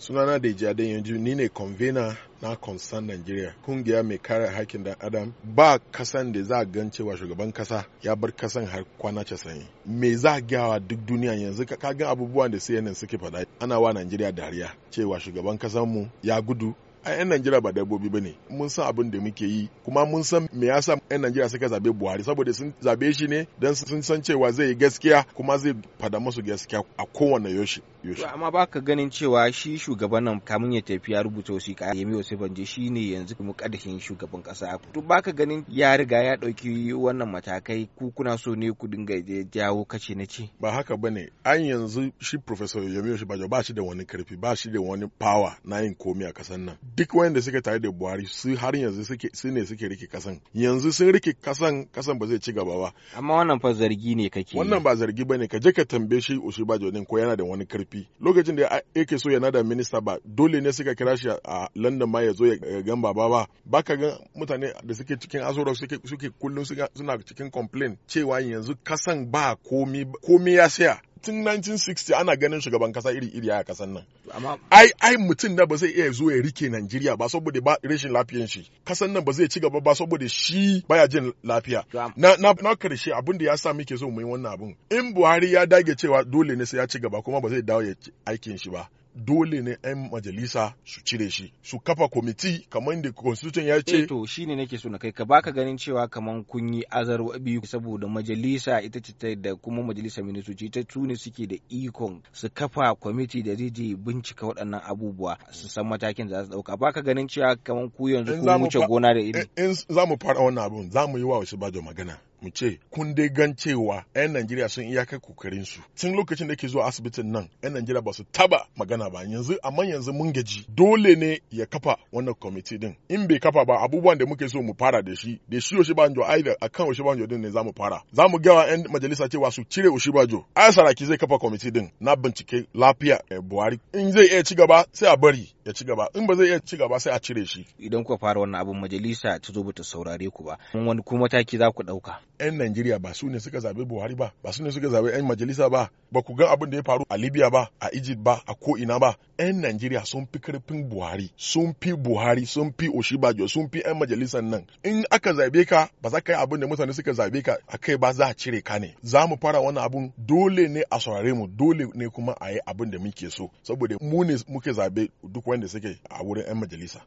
sunana da jaden yanzu ni ne convener na concern Nigeria kungiya mai kare hakkin dan adam ba kasan da za a gan cewa shugaban kasa ya bar kasan har kwana casa'in me za a gyawa duk duniya yanzu ka ga abubuwan da CNN suke faɗa ana wa Nigeria dariya cewa shugaban kasan mu ya gudu a 'yan Najeriya ba dabbobi ba ne mun san abin da muke yi kuma mun san me yasa 'yan Najeriya suka zabe Buhari saboda sun zabe shi ne don sun san cewa zai yi gaskiya kuma zai fada musu gaskiya a kowane yoshi Yusuf. amma ba ka ganin cewa shi shugaban nan kamun ya tafi ya rubuta wasu wasiƙa ya miyo sifanje shi ne yanzu kuma muƙaddashin shugaban ƙasa to ba ka ganin ya riga ya ɗauki wannan matakai ku kuna so ne ku dinga jawo kace na ce ba haka ba ne an yanzu shi professor yamiyo shi ba shi da wani karfi ba shi da wani power na yin komi a kasan nan duk wanda suka tare da buhari su har yanzu suke su ne suke rike kasan yanzu sun rike kasan kasan ba zai ci gaba ba amma wannan fa zargi ne kake wannan ba zargi ba ne ka je ka tambaye shi ushibajo din ko yana da wani karfi pdp lokacin da yake so ya nada minista ba dole ne suka kira shi a London ma ya zo ya gan baba ba ka gan mutane da suke cikin azoro suke kullum suna cikin complain cewa yanzu kasan ba komi komi ya saya tun 1960 ana ganin shugaban kasa iri-iri a kasan nan. Ai, ai mutum na ba zai iya zuwa ya rike Najeriya ba saboda ba rashin lafiyan shi. Kasan nan ba zai ci gaba ba saboda shi baya jin lafiya. Na, karshe abin da ya sa muke so mu yi wannan abin. In Buhari ya dage cewa dole ne sai ya ci gaba kuma ba zai dawo ya aikin shi ba. dole ne 'yan majalisa su cire shi su kafa kwamiti kamar da constitution ya ce eh to ne nake so na kai ka baka ganin cewa kamar kun yi azar biyu saboda majalisa ita ce da kuma majalisa ministoci ta su ne suke da ikon su kafa kwamiti da zai je bincika waɗannan abubuwa su san matakin da za su ɗauka baka ganin cewa kamar ku yanzu ku wuce gona da iri in za mu fara wannan abun za mu yi wa shi bajo magana mu ce kun dai gan cewa 'yan Najeriya sun iya kai kokarin su. Tun lokacin da ke zuwa asibitin nan 'yan Najeriya ba su taba magana ba yanzu amma yanzu mun gaji dole ne ya kafa wannan kwamiti din. In bai kafa ba abubuwan da muke so mu fara da shi da shi Oshibanjo ai da akan Njo din ne za mu fara. Za mu gawa 'yan majalisa cewa su cire Njo Ai saraki zai kafa kwamiti din na bincike lafiya eh, Buhari. In zai iya ci gaba sai a bari ya ci gaba in ba zai iya ci gaba sai a cire shi idan kuka fara wannan abin majalisa ta zo bata saurare ku ba mun wani kuma mataki za ku dauka yan Najeriya ba su ne suka zabe Buhari ba ba su ne suka zabe yan majalisa ba ba ku ga abin da ya faru a Libya ba a Egypt ba a ko ina ba yan Najeriya sun fi karfin Buhari sun fi Buhari sun fi Oshibajo sun fi yan majalisan nan in aka zabe ka ba za ka yi abin da mutane suka zabe ka akai ba za a cire ka ne za mu fara wannan abun dole ne a saurare mu dole ne kuma a yi abin da muke so saboda mu ne muke zabe duk wanda suke a wurin 'yan majalisa